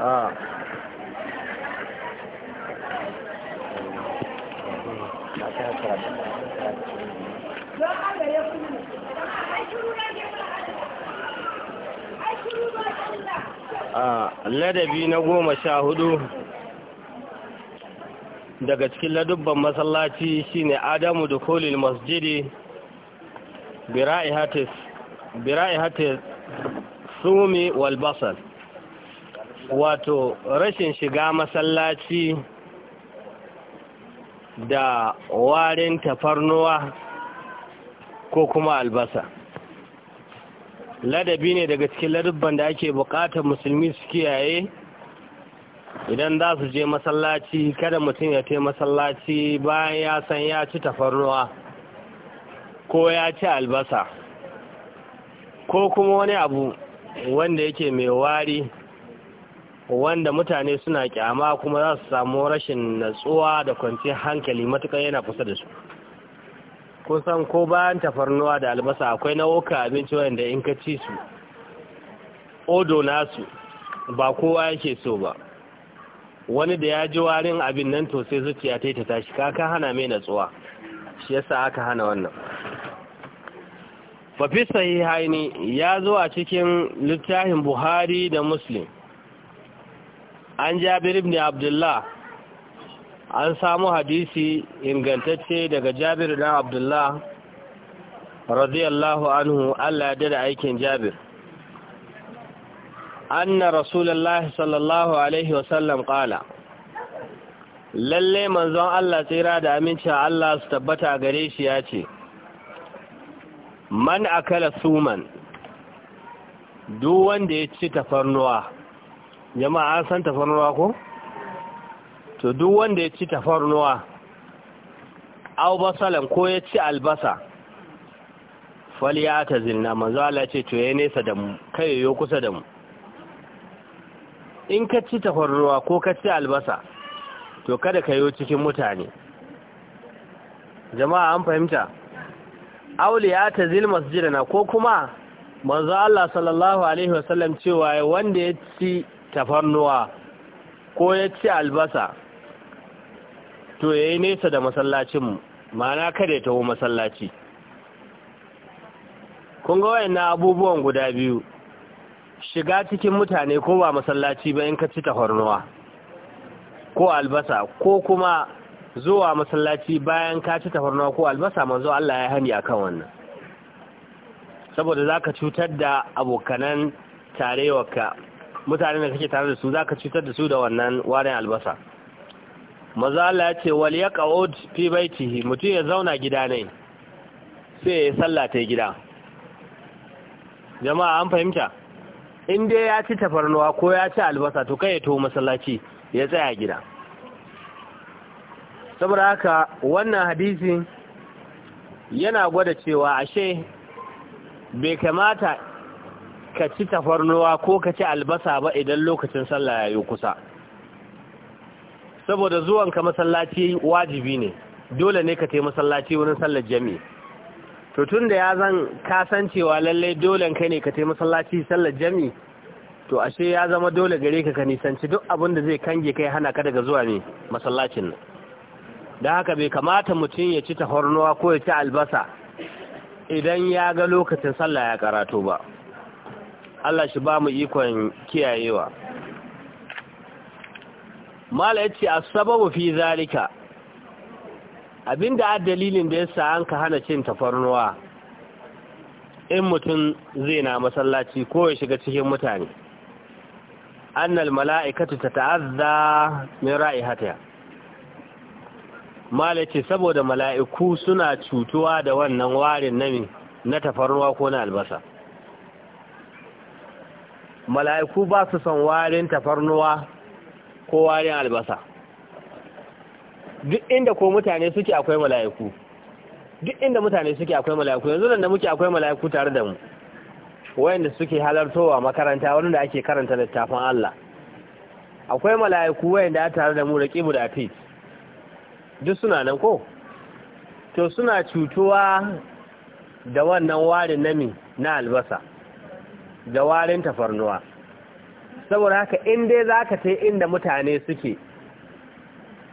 Ah. Ah, ladabi na goma sha hudu daga cikin ladubban masallaci shine adamu da kolin masjidi bira'i hatis sumi wal wato rashin shiga masallaci da warin tafarnuwa ko kuma albasa ladabi ne daga cikin ladubban da ake bukatar musulmi su kiyaye idan za su je masallaci kada mutum ya tai masallaci bayan ya san ya ci tafarnuwa ko ya ci albasa ko kuma wani abu wanda yake mai wari wanda mutane suna kyama kuma za su samu rashin natsuwa da kwanciyar hankali matuƙar yana kusa da su kusan ko bayan tafarnuwa da albasa akwai nau'uka abinci wanda in ka ci su odo nasu ba kowa yake so ba wani da ya ji warin abin nan to sai zuciya ta yi ta tashi kaka hana mai natsuwa shi yasa aka hana wannan Fafisa sahihaini ya zo a cikin littafin buhari da muslim an jabir ibn abdullah an samu hadisi ingantacce daga jabir dan abdullah radiyallahu anhu allah ya da aikin jabir anna rasulullahi sallallahu alaihi wasallam kala lalle manzon allah tsira da amincin allah su tabbata gare shi ya ce man akala suman duk wanda ya ci tafarnuwa jama'a san tafarnuwa ko to duk wanda ya ci tafarnuwa aw basalan ko ya ci albasa faliyata zinna manzo Allah ce to yayi nesa da mu kai yo kusa da mu in ka ci tafarnuwa ko ka ci albasa to kada ka yo cikin mutane jama'a an fahimta auliya ta zil masjidana ko kuma manzo Allah sallallahu alaihi wasallam cewa wanda ya ci tafarnuwa ko ya ci albasa to yayi nesa da masallacin ma'ana kada ya taho masallaci kun ga wayannan abubuwan guda biyu shiga cikin mutane ko ba masallaci ba in ka ci tafarnuwa ko albasa ko kuma zuwa masallaci bayan ka ci tafarnuwa ko albasa manzo Allah ya hani akan wannan saboda zaka cutar da abokanan tarewarka mutanen da kake tare da su zaka cutar da su da wannan warin albasa manzo Allah ya ce wal yaqud fi baitihi mutum ya zauna gida ne sai ya sallata gida jama'a an fahimta in dai ya ci tafarnuwa ko ya ci albasa to kai ya to masallaci ya tsaya gida saboda haka wannan hadisi yana gwada cewa ashe bai kamata ka ci tafarnuwa ko ka ci albasa ba idan lokacin sallah ya yi kusa saboda zuwanka masallaci wajibi ne dole ne ka tai masallaci wurin sallar jami to tun da ya zan kasancewa lallai dole kai ne ka tai masallaci sallar jami to ashe ya zama dole gare ka ka nisanci duk abin da zai kange kai hana ka daga zuwa ne masallacin nan da haka bai kamata mutum ya ci tafarnuwa ko ya ci albasa idan ya ga lokacin sallah ya karato ba Allah shi ba mu ikon kiyayewa mala ya ce a sababu fi zalika abinda a dalilin da ya sa an ka hana cin tafarnuwa in mutum zai na masallaci ko ya shiga cikin mutane annal mala'ikatu ta ta'azza min ra'i mala ce saboda mala'iku suna cutuwa da wannan warin nami na tafarnuwa ko na albasa mala'iku ba su son warin tafarnuwa ko warin albasa duk inda ko mutane suke akwai mala'iku duk inda mutane suke akwai mala'iku yanzu da muke akwai mala'iku tare da mu wayanda suke halartowa makaranta wani da ake karanta littafin Allah akwai mala'iku wayanda tare da mu da kibu da duk suna nan ko to suna cutuwa da wannan warin nami na albasa da warin tafarnuwa saboda haka in dai za ka ta inda mutane suke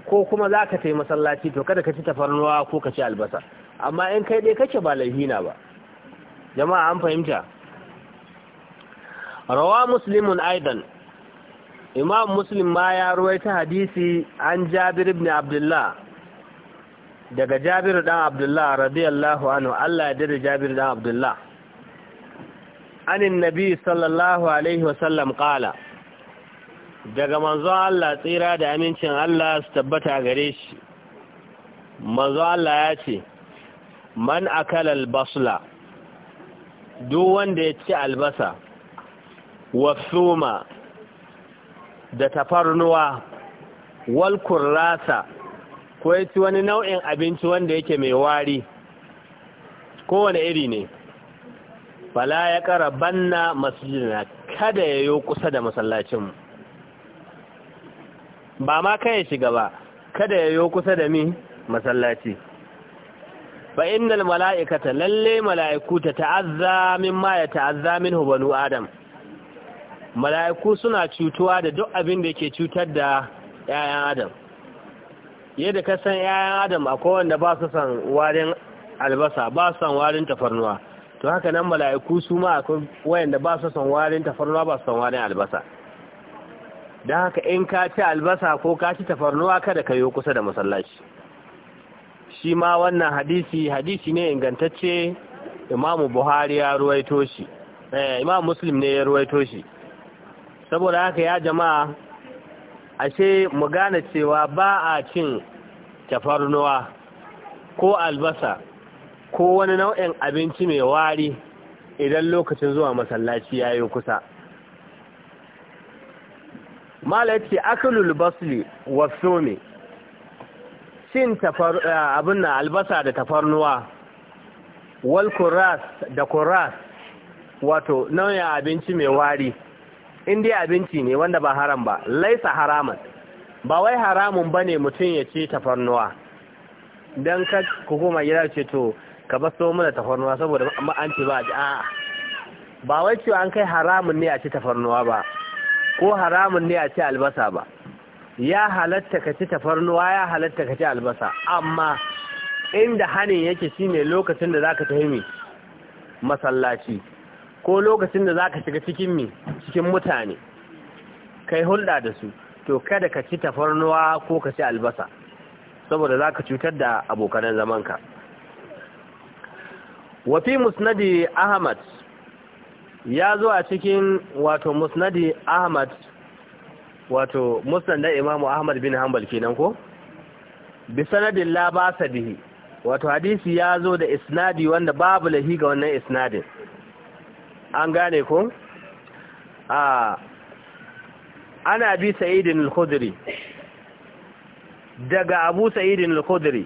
ko kuma za ka ta masallaci to kada ka ci tafarnuwa ko ka ci albasa amma in kai dai kake ba laihina ba jama'a an fahimta rawa muslimun aidan imam muslim ma ya ruwaita hadisi an jabir ibn abdullah daga jabiru dan abdullah radiyallahu anhu Allah ya dade jabiru dan abdullah anin nabi sallallahu alaihi wasallam kala daga manzo Allah tsira da amincin Allah su tabbata gare shi manzo Allah ya ce man akala albasla duk wanda ya ci albasa wa suma da tafarnuwa wal kurrasa ko ya ci wani nau'in abinci wanda yake mai wari kowane iri ne fala ya ƙara banna masjidina kada ya yi kusa da masallacinmu ba ma kai ya shiga ba kada ya yi kusa da mi masallaci fa innal mala'ikata lalle mala'iku ta ta'azza ma ya ta'azza minhu banu adam mala'iku suna cutuwa da duk abin da ke cutar da 'ya'yan adam yadda ka san 'ya'yan adam a wanda ba su san warin albasa ba su san warin tafarnuwa to haka nan mala'iku su ma wayanda ba su san warin tafarnuwa ba su san warin albasa don haka in ka ci albasa ko ka ci tafarnuwa kada ka yi kusa da masallaci shi ma wannan hadisi hadisi ne ingantacce imamu buhari ya ruwaito shi eh, Imamu muslim ne ya ruwaito shi saboda haka ya jama'a ashe mu gane cewa ba a cin tafarnuwa ko albasa ko wani nau'in abinci mai wari idan lokacin zuwa masallaci ya yi kusa malaci akilul basli wasu ne cin eh, abin na albasa da tafarnuwa wal kuras da kuras wato nau'in abinci mai wari in dai abinci ne wanda ba haram ba laisa haraman ba wai haramun ba ne mutum ya ce tafarnuwa don ka koma gida ce to ka ba so mana tafarnuwa saboda an ce ba a ba wai cewa an kai haramun ne a ce tafarnuwa ba ko haramun ne a ce albasa ba ya halatta ka ci tafarnuwa ya halatta ka ci albasa amma inda hanin yake shine lokacin da za zaka tafi masallaci ko lokacin da zaka shiga cikin mi cikin mutane kai hulɗa da su to kada ka ci tafarnuwa ko ka ci albasa saboda zaka cutar da abokan zamanka wa fi musnadi ahmad ya zo a cikin wato musnadi ahmad wato musnadin imamu ahmad bin hanbal kenan ko bi sanadin la wato hadisi ya zo da isnadi wanda babu lahi ga wannan isnadin an gane ku a ana bi sa'idin al-khudri daga abu sa'idin al-khudri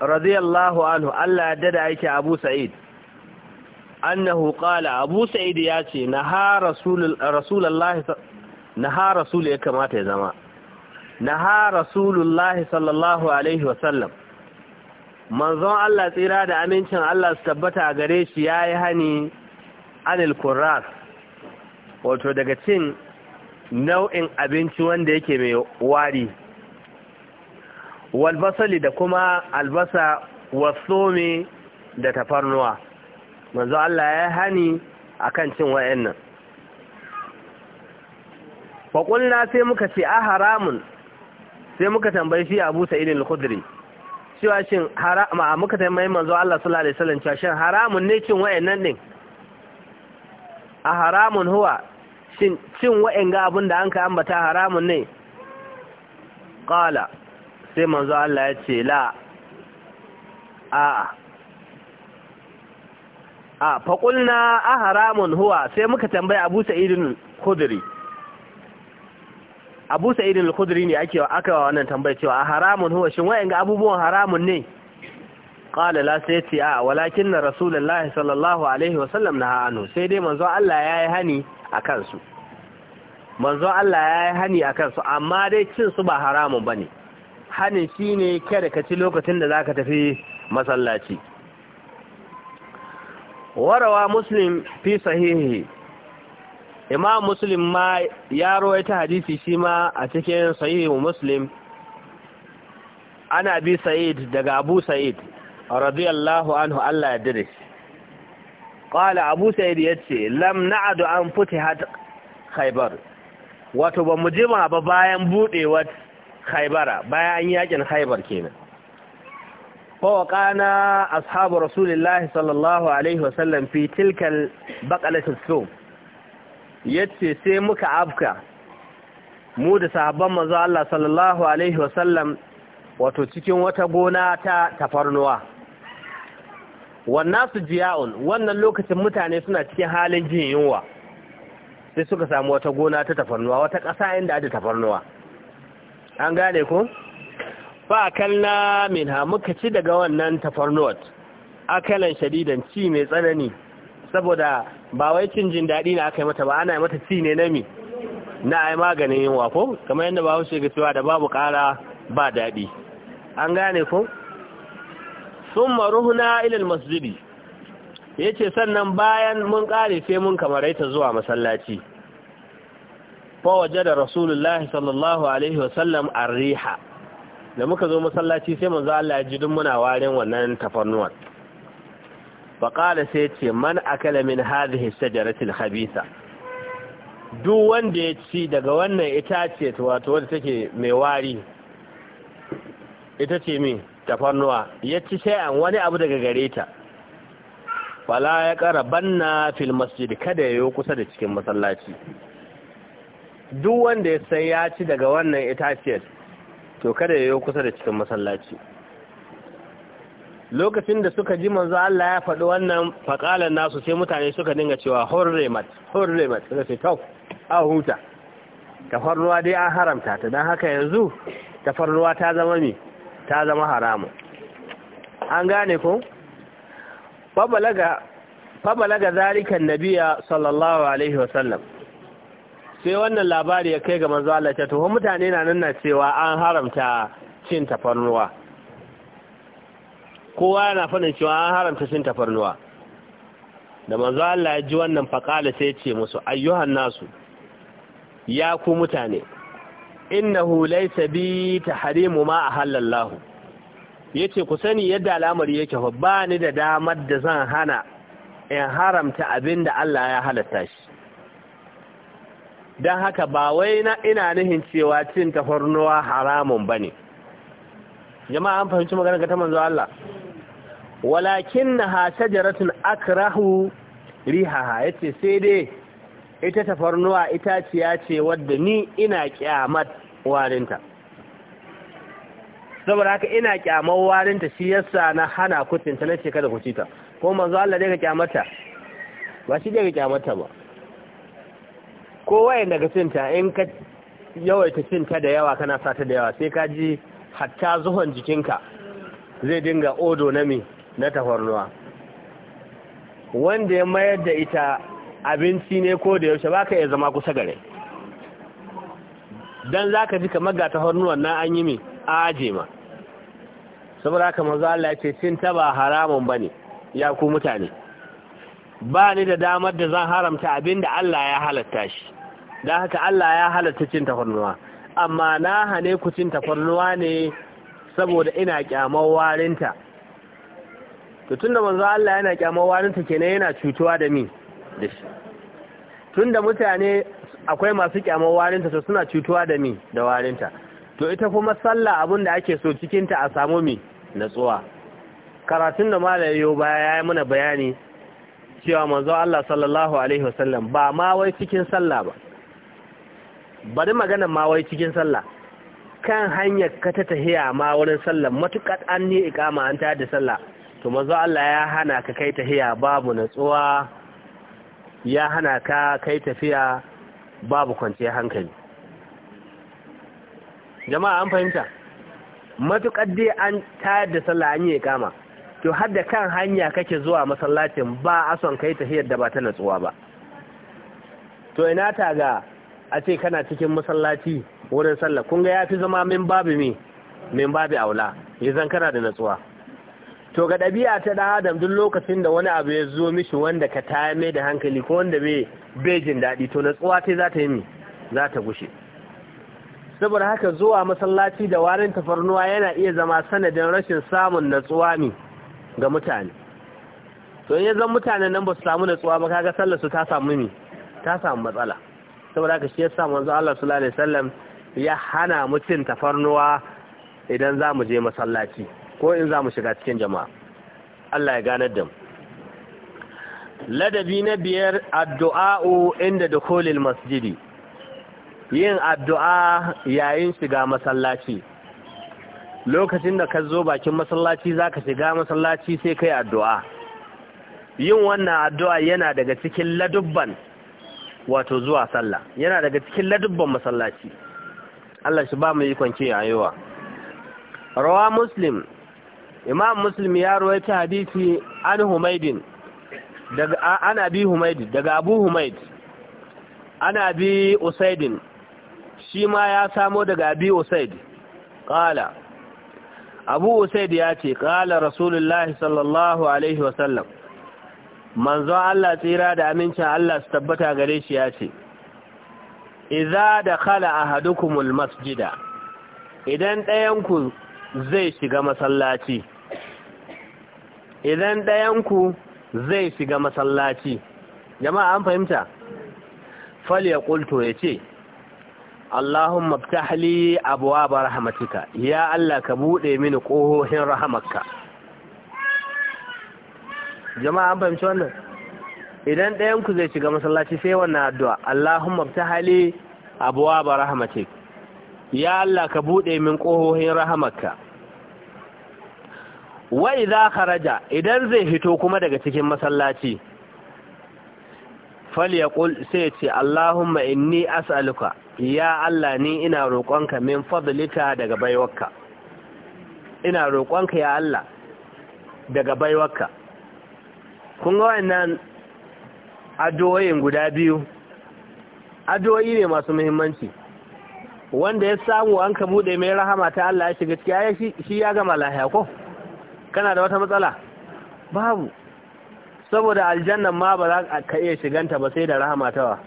radiyallahu anhu Allah ya dada yake abu sa'id annahu qala abu sa'id ya ce naha rasul rasulullahi naha rasul ya kamata ya zama naha rasulullahi sallallahu alaihi wasallam manzon Allah tsira da amincin Allah su tabbata gare shi ya yi hani anil kurras wato daga cin nau'in abinci wanda yake mai wari walbasali da kuma albasa wasomi da tafarnuwa Manzon Allah ya yi hani a kan cin wayannan na sai muka ce a haramun sai muka tambayi shi abu sa'idin al-khudri cewa shin harama muka tambayi manzo Allah sallallahu alaihi wasallam cewa shin haramun ne cin wayannan din a haramun huwa shin cin wayanga abin da an ka ambata haramun ne qala sai manzo Allah ya ce la a a fa qulna a haramun huwa sai muka tambayi Abu Sa'id al-Khudri abu sa'id al-khudri ne ake aka wa wannan tambayar cewa haramun huwa shin wayanga abubuwan haramun ne qala la sai a walakinna rasulullahi sallallahu alaihi wa sallam naha anu sai dai manzo Allah yayi hani akan su manzo Allah yayi hani akan su amma dai cin su ba haramun bane hanin shine kada ka ci lokacin da zaka tafi masallaci warawa muslim fi sahihi imam muslim ma ya ta hadisi shi ma a cikin sahihu muslim ana bi sa'id daga abu sa'id radiyallahu anhu Allah ya dire qala abu sa'id yace lam na'adu an futihat khaybar wato ba mu jima ba bayan budewar khaybara bayan yakin khaybar kenan fawqana ashabu rasulillahi sallallahu alaihi wasallam fi tilkal baqalatis sum Ya ce sai muka afka mu da sahabban mazu Allah sallallahu alaihi wasallam wato cikin wata gona ta tafarnuwa wannan su jiya'un wannan lokacin mutane suna cikin halin jin yunwa sai suka samu wata gona ta tafarnuwa wata ƙasa inda ada tafarnuwa an gane ku fa akalna minha muka ci daga wannan tafarnuwa akalan shadidan ci mai tsanani saboda ba wai cin jin daɗi na aka yi mata ba ana yi mata ci ne na mi na yi maganin yunwa ko kamar yadda ba wuce ga cewa da babu ƙara ba daɗi an gane ku? sun maruhuna ilil masjidi ya ce sannan bayan mun ƙare sai mun kamaraita zuwa masallaci waje da rasulullahi sallallahu alaihi wasallam a riha da muka zo masallaci sai mun za Allah ya ji dun muna warin wannan tafarnuwan faƙala sai ce man akala min hadhihi shajaratil khabisa duk wanda ya ci daga wannan itace wato wanda take mai wari ita ce mi tafarnuwa ya ci shay'an wani abu daga gare ta fala ya banna fil masjid kada yi kusa da cikin masallaci duk wanda ya sai ya ci daga wannan itaciyar to kada yayo kusa da cikin masallaci lokacin da suka ji manzo Allah ya faɗi wannan faƙalan nasu sai mutane suka dinga cewa hurremat hurremat suka ce tau a huta tafarnuwa dai an haramta ta don haka yanzu tafarnuwa ta zama mi ta zama haramun an gane ko fabalaga fabalaga zalikan nabiya sallallahu alaihi wasallam sai wannan labari ya kai ga manzo Allah ta to mutane na nan cewa an haramta cin tafarnuwa kowa yana fadin cewa an haramta cin tafarnuwa da manzo Allah ya ji wannan faqala sai ya ce musu ayyuhan nasu ya ku mutane innahu laysa bi tahrimu ma ahallallahu yace ku sani yadda al'amari yake fa ba ni da damar da zan hana in haramta abinda Allah ya halatta shi dan haka ba wai na ina nihin cewa cin tafarnuwa haramun bane jama'a an fahimci maganar ta manzo Allah walakin na ha akrahu rihaha ya ce sai dai ita tafarnuwa itaciya ce wadda ni ina kyamat warinta saboda haka ina kyamar warinta shi yasa na hana kucinta na ce kada kucita ko manzo Allah dai ka kyamata ba shi dai ka kyamata ba ko waye daga cinta in ka yawaita cinta da yawa kana sata da yawa sai ka ji hatta zuhon jikinka zai dinga odo na me na tafarnuwa wanda ya mayar da ita abinci ne ko da yaushe baka iya zama kusa gare dan zaka ji kamar ga tafarnuwan na an yi mi aje ma saboda haka manzo Allah ya ce cin ta ba haramun bane ya ku mutane ba ni da damar da zan haramta da Allah ya halatta shi dan haka Allah ya halatta cin tafarnuwa amma na hane ku cin tafarnuwa ne saboda ina kyamar warinta to tunda manzo Allah yana kyamar warinta kenan yana cutuwa da mi da shi tunda mutane akwai masu kyamar warinta to suna cutuwa da mi da warinta to ita kuma sallah abun da ake so cikin ta a samu mi natsuwa karatun da malayo baya yayi mana bayani cewa manzo Allah sallallahu alaihi wasallam ba ma wai cikin sallah ba bari magana ma wai cikin sallah kan hanyar ka tahiya ma wurin sallah matukar an ne ikama an tayar da sallah to manzo Allah ya hana ka kai tafiya babu natsuwa ya hana ka kai tafiya babu kwanciyar hankali jama'a an fahimta matukar dai an tayar da sallah an yi kama to har da kan hanya kake zuwa masallacin ba a son kai tafiyar da ba ta natsuwa ba to ina ta ga a ce kana cikin masallaci wurin sallah kun ga ya fi zama min babu mi min babu aula yanzu kana da natsuwa to ga ɗabi'a ta ɗan adam duk lokacin da wani abu ya zo mishi wanda ka taya mai da hankali ko wanda bai jin daɗi to natsuwa ta za ta yi za ta gushe saboda haka zuwa masallaci da warin tafarnuwa yana iya zama sanadin rashin samun natsuwa ne ga mutane to in zan mutanen nan ba su samu natsuwa ba kaga sallar su ta samu ne ta samu matsala saboda haka shi ya samu wanzu Allah sallallahu alaihi ya hana mutum tafarnuwa idan za mu je masallaci ko in za mu shiga cikin jama'a Allah ya ganar da mu ladabi na biyar addu'a'u inda dukhulil masjidi yin addu'a yayin shiga masallaci lokacin da ka zo bakin masallaci zaka shiga masallaci sai kai addu'a yin wannan addu'a yana daga cikin ladubban wato zuwa sallah yana daga cikin ladubban masallaci Allah shi ba mu yi a kiyayewa rawa muslim imam muslim ya rawaita hadisi an humaidin daga ana bi humaid daga abu humaid ana bi usaidin shi ma ya samo daga bi usaid kala abu usaid ya ce kala rasulullahi sallallahu alaihi wasallam manzo Allah tsira da amincin Allah su tabbata gare shi ya ce idza dakhala ahadukumul masjida idan ɗayanku zai shiga masallaci idan ɗayanku zai shiga masallaci jama'a an fahimta fal ya ƙulto ya ce Allahumma ftahli abwaaba rahmatika ya Allah ka bude mini kohohin rahmatka. jama'a an fahimci wannan idan ɗayanku zai shiga masallaci sai wannan addu'a Allahumma ftahli abwaaba rahmatik ya Allah ka bude min kohohin rahmatka. Wai za ka raja idan zai hito kuma daga cikin masallaci Fal falyaqul sai ce Allahumma inni as'aluka ya Allah ni ina roƙonka min fadlika daga baiwarka ina roƙonka ya Allah daga baiwarka kun ga wannan addu'o'in guda biyu addu'o'i ne masu muhimmanci wanda ya samu an ka bude mai rahama ta Allah ya shiga cikin shi ya gama lahiya ko kana da wata matsala babu saboda aljannan ma ba za ka iya shiganta ba sai da rahama tawa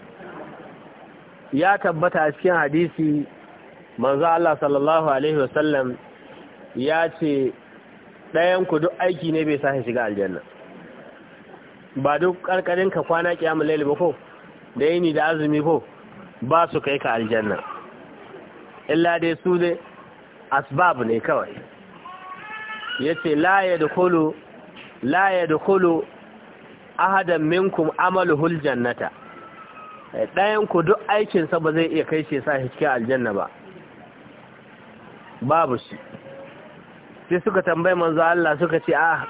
ya tabbata a cikin hadisi manzo Allah sallallahu alaihi wasallam ya ce ɗayanku ku duk aiki ne bai sahi shiga aljanna ba duk karkarin ka kwana kiyamul layl ba ko da yini da azumi ko ba su kai ka aljanna illa dai su dai asbab ne kawai ya ce la ya dukulu la ahadan minkum amaluhul jannata eh, ɗayan duk aikinsa ba zai iya kai shi sa shi cikin aljanna ba babu shi sai suka tambayi manzo Allah suka ce ah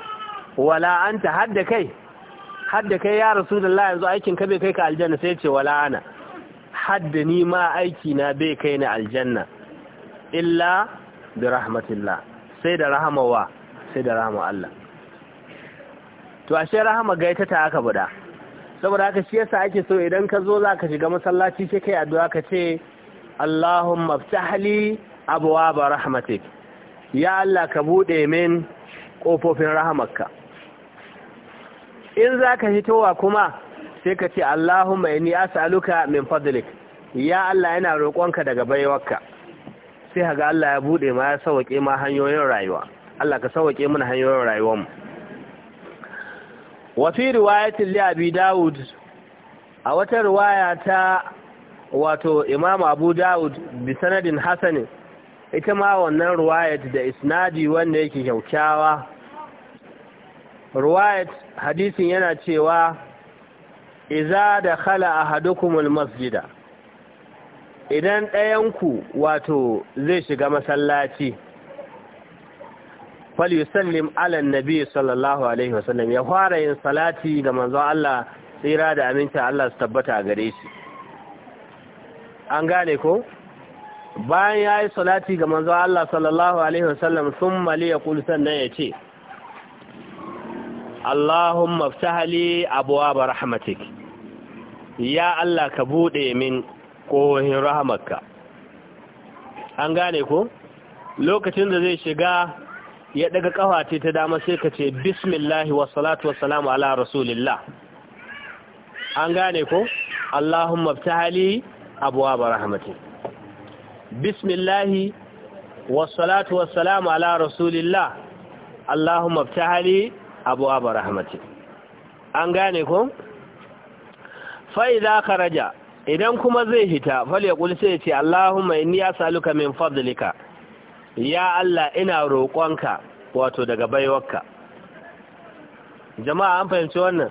wala anta hadda kai hadda kai ya rasulullahi yanzu aikin ka bai kai ka aljanna sai ce wala ana hadda ni ma aiki na bai kai ni aljanna illa bi rahmatillah sai da rahama wa sai da rahama Allah to a ashe rahama gaita ta aka buda saboda haka shi yasa ake so idan ka zo za ka shiga masallaci sai kai addu'a ka ce Allahumma ftah li abwaab rahmatik ya Allah ka bude min kofofin rahamarka in zaka hitowa kuma sai ka ce Allahumma inni as'aluka min fadlik ya Allah yana roƙonka daga baiwarka sai ga Allah ya bude ma ya sauke ma hanyoyin rayuwa Allah ka sauke mana hanyoyin rayuwar mu wa fi riwayatin li abi daud a wata riwaya ta wato imam abu daud bi sanadin hasani ita ma wannan riwayat da isnadi wanda yake kyaukyawa riwayat hadisin yana cewa iza dakhala khala ahadukumul masjida idan ɗayanku wato zai shiga masallaci sallim alan nabi sallallahu alaihi wasallam ya fara yin salati ga manzon Allah tsira da aminta Allah su tabbata a gare shi an gane ko bayan ya yi salati ga manzon Allah sallallahu alaihi wasallam sun mali ya kulu sannan ya ce Allahumma hali abuwa rahmatik ya Allah ka buɗe min ƙohohin rahamarka an gane ko lokacin da zai shiga ya daga kafa ce ta dama sai ka ce salatu wa salamu ala rasulillah an gane ko allahumma ftahli bismillah wa salatu wa salamu ala rasulillah allahumma ftahli abwaab rahmati an gane ko fa ka kharaja idan kuma zai hita falle ya kul sai ya ce Allahumma inni as'aluka min fadlika ya Allah ina roƙonka wato daga baiwarka jama'a an fahimci wannan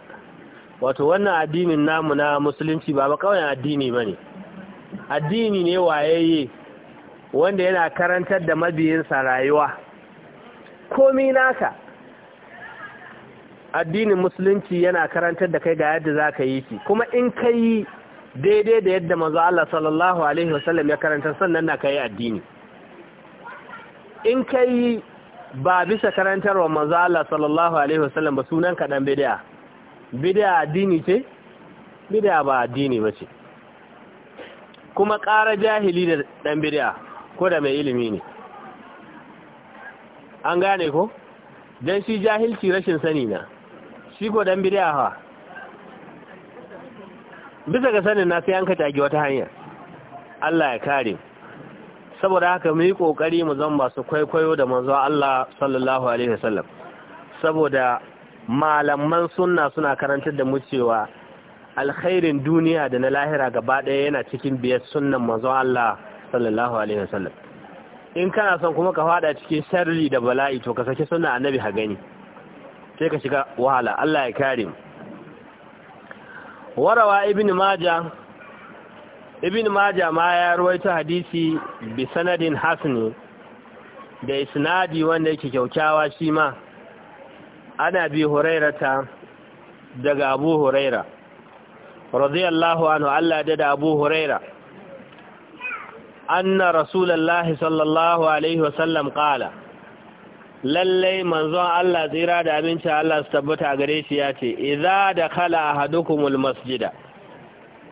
wato wannan addinin namu na musulunci ba ba kawai addini bane addini ne yi wanda yana karantar da mabiyinsa rayuwa komi naka addinin musulunci yana karantar da kai ga yadda za ka yi shi kuma in ka yi daidai da yadda mazu Allah sallallahu alaihi wasallam ya karanta sannan na kai addini in kai ba bisa karantarwa mazu Allah sallallahu alaihi wasallam ba sunan kaɗan bidiya bidiya addini ce bidiya ba addini ba ce kuma ƙara jahili da ɗan bidiya ko da mai ilimi ne an gane ko don shi jahilci rashin sani na shi ko ɗan bidiya ha bisa ga sanin na sai an ka tage wata hanya Allah ya kare saboda haka mu yi kokari mu ba su kwaikwayo da manzo Allah sallallahu alaihi wasallam saboda malaman sunna suna karantar da mu cewa alkhairin duniya da na lahira gaba ɗaya yana cikin biyar sunnan manzo Allah sallallahu alaihi wasallam in kana son kuma ka fada cikin sharri da bala'i to ka saki sunna annabi ha gani sai ka shiga wahala Allah ya kare mu warawa ibn maja ibn maja ma ya ruwaita hadisi bi sanadin hasni da isnadi wanda yake kyaukyawa shi ma ana bi hurairata daga abu huraira radiyallahu anhu Allah da da abu huraira anna rasulullahi sallallahu alaihi wasallam qala lallai manzon Allah tsira da abinci Allah su tabbata gare shi ya ce idza dakhala ahadukumul masjida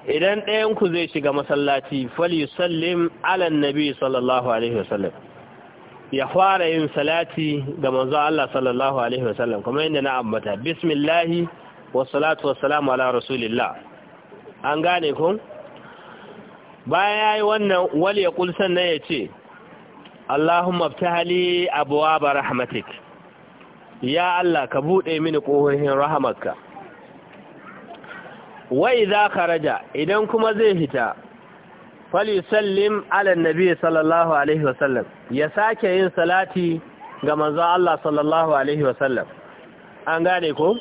idan ɗayan ku zai shiga masallaci falyusallim ala nabi sallallahu alaihi wasallam ya fara yin salati ga manzon Allah sallallahu alaihi wasallam kuma inda na ambata bismillahi wassalatu wassalamu ala rasulillah an gane ku bayan yayi wannan wal yaqul sannan ya Allahumma ftahli ba rahmatik ya Allah ka bude mini kohohin rahamarka za ka raja idan kuma zai hita falyusallim ala annabi sallallahu alaihi wasallam ya sake yin salati ga manzon Allah sallallahu alaihi wasallam an gane ko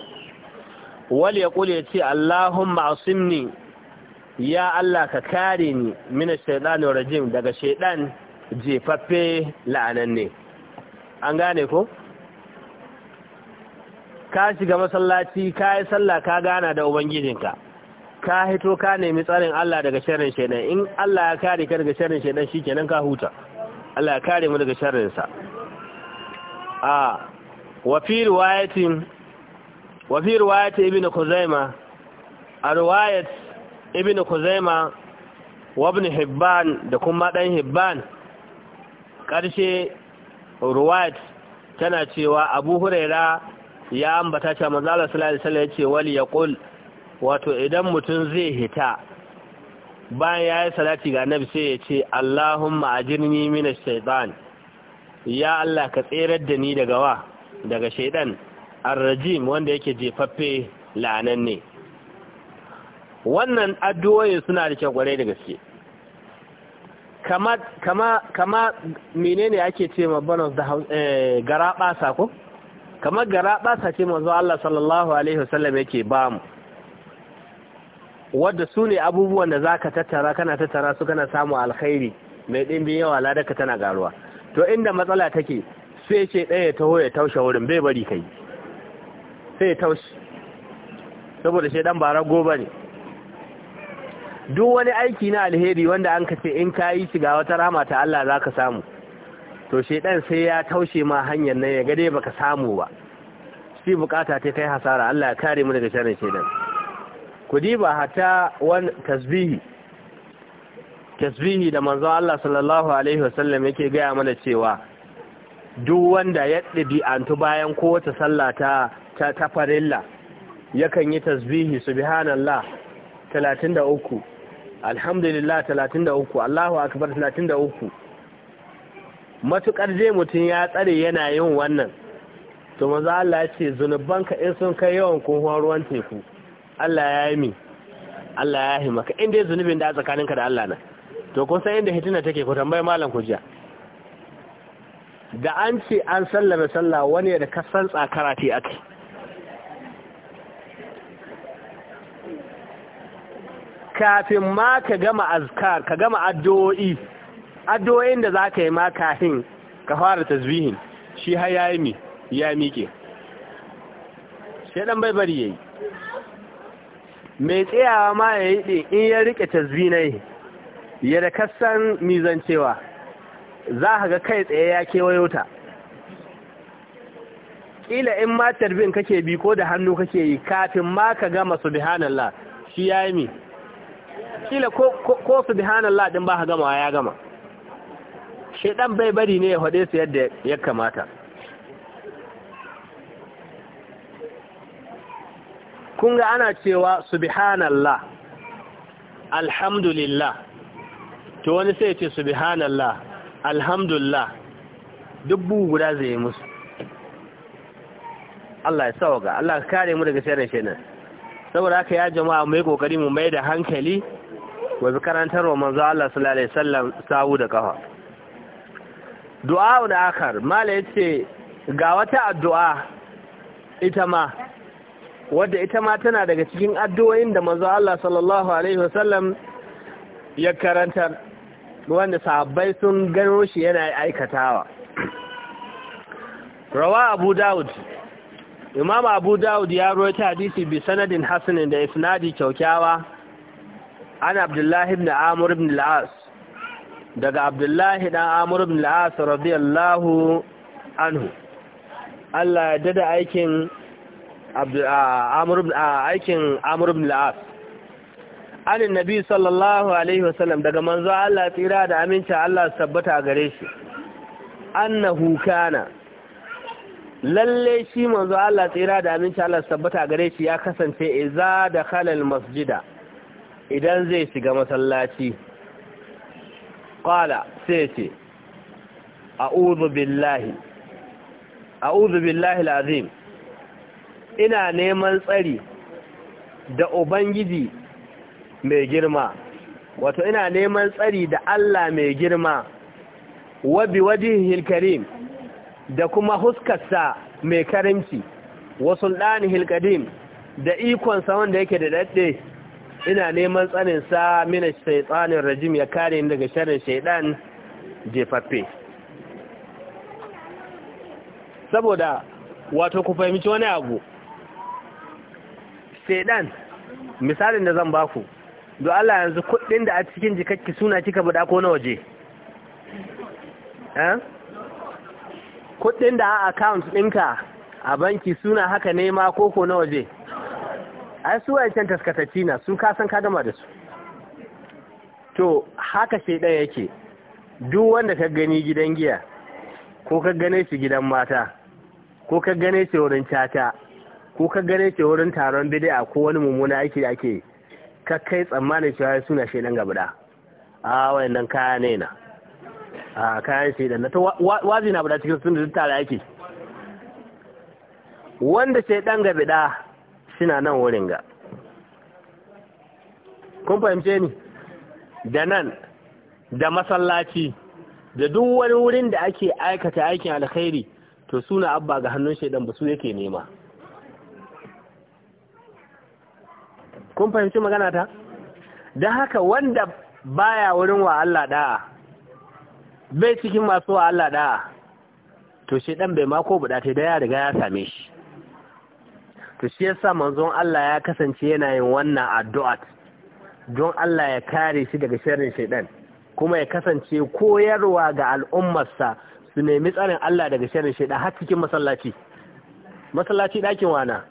wal yaqul yace Allahumma asimni ya Allah ka kare ni mina shaidan rajim daga shaidan. jefaffe la'ananne an gane ko ka shiga masallaci ka yi sallah ka gana da ubangijinka ka hito ka nemi tsarin Allah daga sharrin shaidan in Allah ya kare ka daga sharrin shaidan shikenan ka huta Allah ya kare mu daga sharrin sa a wa fi riwayatin wa fi riwayat ibn khuzaima a riwayat ibn khuzaima wa ibn hibban da kuma dan hibban ƙarshe ruwat tana cewa abu huraira ya ambata ce manzala sallallahu alaihi ce wali ya ƙul wato idan mutum zai hita bayan ya yi salati ga nabi sai ya ce Allahumma ma'ajin minash shaitan ya Allah ka tserar da ni daga wa daga shaitan arrajim wanda yake jefaffe la'ananne wannan addu'o'i suna da kyau kwarai da gaske kama kama kama menene ake ce ma bonus da eh, garaba sako kama garaba basa ce manzo Allah sallallahu alaihi wasallam yake ba mu wadda sune abubuwan da zaka tattara kana tattara su kana samu alkhairi mai dimbin yawa ladaka tana garuwa to inda matsala take sai ce ɗaya taho ya taushe wurin bai bari kai sai ya taushe saboda shi ɗan bara goba ne duk wani aiki na alheri wanda an ka ce in ka yi shiga wata rama ta Allah za ka samu to shaidan sai ya taushe ma hanyar nan ya gade baka samu ba shi bukata ta kai hasara Allah ya kare mu daga sharrin shaidan ku diba hatta wani tasbihi tasbihi da manzo Allah sallallahu alaihi wasallam yake gaya mana cewa duk wanda ya ɗabi'antu bayan kowace sallah ta ta farilla yakan yi tasbihi subhanallah uku. alhamdulillah talatin da uku allahu akabar talatin da uku matuƙar je mutum ya tsare yana yin wannan to maza Allah ya ce zunubanka in sun kai yawan kohon ruwan teku Allah ya yi mi Allah ya yi maka inda ya zunubin da a tsakaninka da Allah na to kun san inda hitina take ku tambayi malam kujiya da an ce an sallame sallah wani da kasan tsakara te ake kafin ma ka gama azkar ka gama addu'o'i addu'o'in da za ka yi ma kafin ka fara tasbihin shi har ya mi ya miƙe dan bai bari ya yi mai tsayawa ma yayi yi in ya rike tasbinai ya da kasan mizancewa za ka ga kai tsaye ya kewayo ta ƙila in ma tarbin kake bi ko da hannu kake yi kafin ma ka gama subhanallah shi ya mi kila ko su bihanallah din ba gama ya gama shaidan bai bari ne ya hade su yadda ya kamata kun ga ana cewa subhanallah alhamdulillah to wani sai ce subhanallah alhamdulillah dubbu guda zai musu Allah ya sauka Allah ka kare mu daga sharrin shenan saboda haka ya jama'a mu yi kokari mu mai da hankali wa karantar wa manzo Allah sallallahu alaihi wasallam sawu da kafa du'a da akar mala yace ga wata addu'a ita ma wanda ita ma tana daga cikin addu'o'in da manzo Allah sallallahu alaihi wasallam ya karanta wanda sahabbai sun gano shi yana aikatawa rawa abu daud imam abu daud ya rawaita hadisi bi sanadin hasanin da isnadi kyaukyawa an abdullahi ibn amur ibn al'as daga abdullahi dan amur ibn al'as radiyallahu anhu Allah ya dada aikin aikin amur ibn al'as anin nabi sallallahu alaihi wasallam daga manzo Allah tsira da aminci Allah sabbata gare shi annahu kana lalle shi manzo Allah tsira da aminci Allah sabbata gare shi ya kasance iza da khalal masjida idan zai shiga masallaci ƙwala sai ce a'udhu billahi a'udhu billahi lazim ina neman tsari da ubangiji mai girma wato ina neman tsari da Allah mai girma wa bi karim da kuma huskarsa mai karimci wa sultanihil qadim da ikonsa wanda yake da dadde ina neman tsanin sa mina shaitanin rajim ya kare ni daga sharrin shaidan jefaffe saboda wato ku fahimci wani abu shaidan misalin da zan baku don Allah yanzu kudin da a cikin jikakki suna kika buɗa ko na waje eh? kudin da a account ɗinka a banki suna haka nema ko ko na waje ai su can taskatacci na su san ka gama da su to haka sai ɗaya yake duk wanda ka gani gidan giya ko ka gane shi gidan mata ko ka gane shi wurin cata ko ka gane shi wurin taron bid'a ko wani mummuna aiki da ake ka kai tsammanin cewa suna shedan gabda a wayannan kaya ne na a kayan shi na to wazi na bada cikin sun da tare ake wanda shedan gabda suna nan wurin ga kun fahimce ni da nan da masallaci da duk wani wurin da ake aikata aikin alkhairi to suna abba ga hannun shaidan ba su yake nema kun fahimci magana ta Da haka wanda baya wurin wa Allah da'a bai cikin masu wa Allah da'a to shaidan bai mako buɗa ta da ya riga ya same shi to shi yasa manzon Allah ya kasance yana yin wannan addu'a don Allah ya kare shi daga sharrin shaidan kuma ya kasance koyarwa ga al'ummarsa su nemi tsarin Allah daga sharrin shaidan har cikin masallaci masallaci ɗakin wana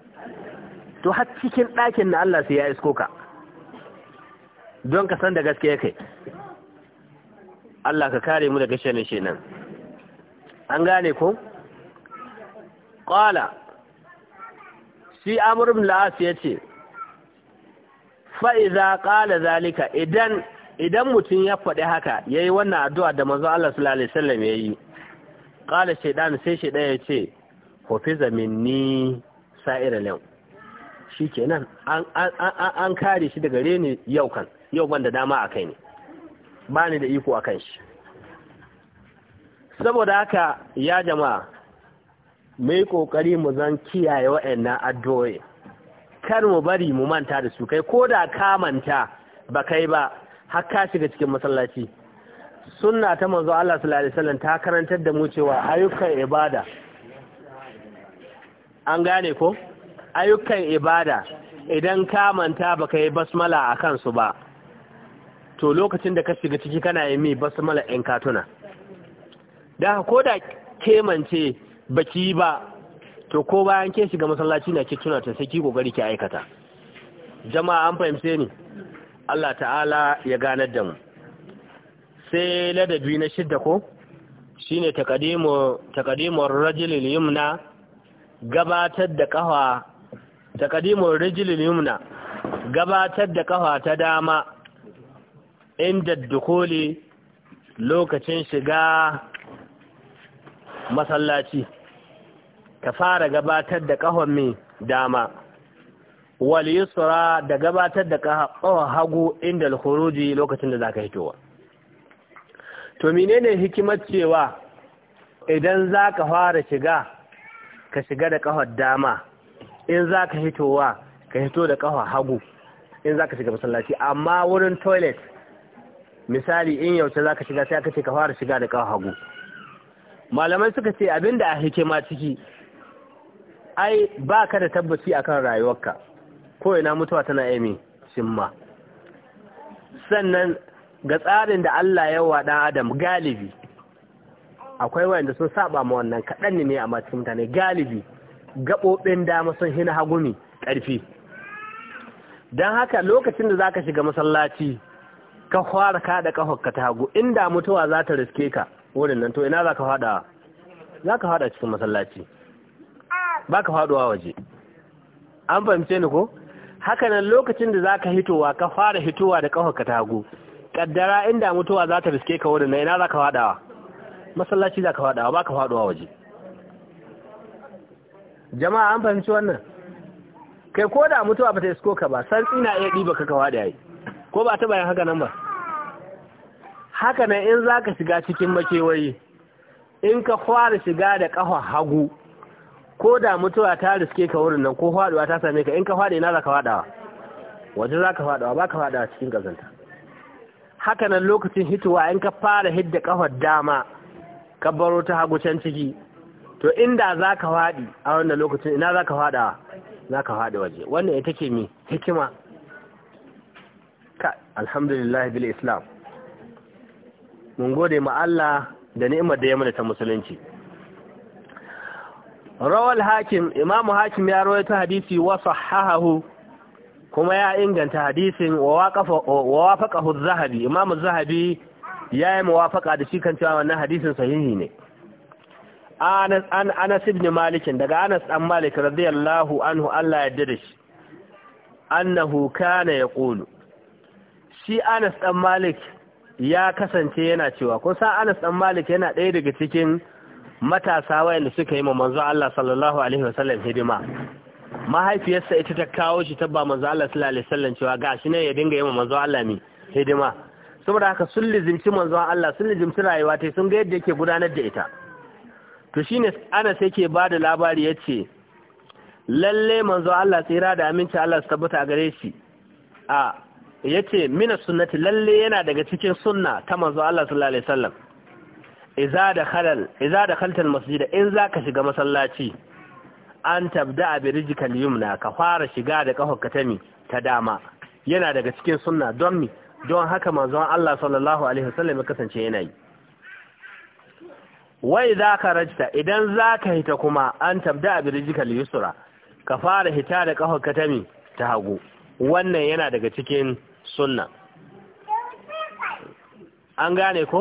to har cikin ɗakin na Allah sai ya isko ka don ka san da gaskiya kai Allah ka kare mu daga sharrin shaidan an gane ko qala shi amurin la'as ya ce fa'iza ƙala zalika idan mutum ya faɗi haka ya yi wannan addu'a da mazu Allah sallallahu ya yi ƙala shaidan sai shaidan ya ce hofi zamini sa'ira yau shi ke nan an kare shi daga reni yau kan yau ban da dama a kai ne ba ni da iko a kan shi saboda haka ya jama'a mu yi kokari mu zan kiyaye wa'annan addu'o'i kar mu bari mu manta da su kai koda ka manta ba kai ba har ka shiga cikin masallaci sunna ta manzo Allah sallallahu alaihi wasallam ta karantar da mu cewa ayyukan ibada an gane ko ayyukan ibada idan ka manta ba kai basmala a kansu ba to lokacin da ka shiga ciki kana yi mai basmala yan katuna da ko da kemance baki ba to ko bayan ke shiga masallaci na ke tuna ta sai ki kokari ki aikata jama'a an fahimce ni Allah ta'ala ya ganar da mu sai ladabi na shidda ko shine taqdimu taqdimu ar-rajul yumna gabatar da kafa taqdimu rajul yumna gabatar da kafa ta dama inda dukuli lokacin shiga masallaci ka fara gabatar da ƙahon mai dama wal yusra da gabatar da ƙahon hagu inda al lokacin da zaka hitowa to menene hikimar cewa idan zaka fara shiga ka shiga da ƙahon dama in zaka hitowa ka hito da ƙahon hagu in zaka shiga masallaci amma wurin toilet misali in yauce zaka shiga sai aka ce ka fara shiga da ƙahon hagu malamai suka ce abin da a hikima ciki ai ba ka da tabbaci akan rayuwarka ko ina mutuwa tana aimi ma sannan ga tsarin da Allah ya wa dan adam galibi akwai wanda sun saba ma wannan kaɗan ne a cikin mutane galibi gaɓoɓin dama sun hina hagumi ƙarfi don haka lokacin da za ka shiga masallaci ka fara ka da ka ta hagu inda mutuwa za ta riske ka wurin nan to ina za ka fada za ka fada cikin masallaci ba ka faduwa waje an fahimce ni ko hakanan lokacin da za ka hitowa ka fara hitowa da kafar ka tagu kaddara inda mutuwa za ta riske ka wurin nan ina za ka fadawa masallaci za ka fadawa ba ka faduwa waje jama'a an fahimci wannan kai ko da mutuwa ba ta isko ka ba santsi na iya ɗiba ka kawa da yayi ko ba ta bayan haka nan ba haka nan in za ka shiga cikin makewayi in ka fara shiga da ƙafa hagu ko da mutuwa ta riske ka wurin nan ko faɗuwa ta same ka in ka faɗi ina za ka faɗawa waje za ka faɗawa ba ka faɗawa cikin ƙazanta haka nan lokacin hituwa in ka fara hidda ƙafar dama ka baro ta hagu can ciki to inda za ka faɗi a wannan lokacin ina za ka faɗawa za ka faɗi waje wannan ita ke mi hikima ka alhamdulillah bil islam mun gode ma Allah da ni'imar da ya mana ta musulunci rawal hakim imamu hakim ya rawaita hadisi wa sahahahu kuma ya inganta hadisin wa wafaqahu az-zahabi imamu az-zahabi ya yi muwafaqa da shi kan cewa wannan hadisin sahihi ne Anas an Anas ibn Malik daga Anas dan Malik radiyallahu anhu Allah ya yarda shi annahu kana yaqulu shi Anas dan Malik ya kasance yana cewa kun sa Anas dan Malik yana ɗaya daga cikin matasa wayanda suka yi ma manzo Allah sallallahu alaihi wasallam hidima mahaifiyarsa ita ta kawo shi ta ba manzo Allah sallallahu alaihi wasallam cewa gashi ne ya dinga yi ma manzo Allah mi hidima saboda haka sun lizimci manzo Allah sun lizimci rayuwa ta sun ga yadda yake gudanar da ita to shine Anas yake ba da labari yace lalle manzo Allah tsira da aminci Allah su tabbata gare shi a Ya ce mina sunnati lalle yana daga cikin sunna ta manzo Allah sallallahu alaihi wasallam idza dakhala idza dakhalta almasjid in zaka shiga masallaci an tabda'a bi rijkal yumna ka fara shiga da kafarka ta mi ta dama yana daga cikin sunna don mi don haka Manzo Allah sallallahu alaihi wasallam ya kasance yana yi wai za ka idan za ka hita kuma an tabda a birijikal yusra ka fara hita da ƙafarka ta mi ta hagu wannan yana daga cikin sunna an gane ko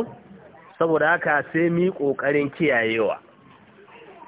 saboda haka sai mi ƙoƙarin kiyayewa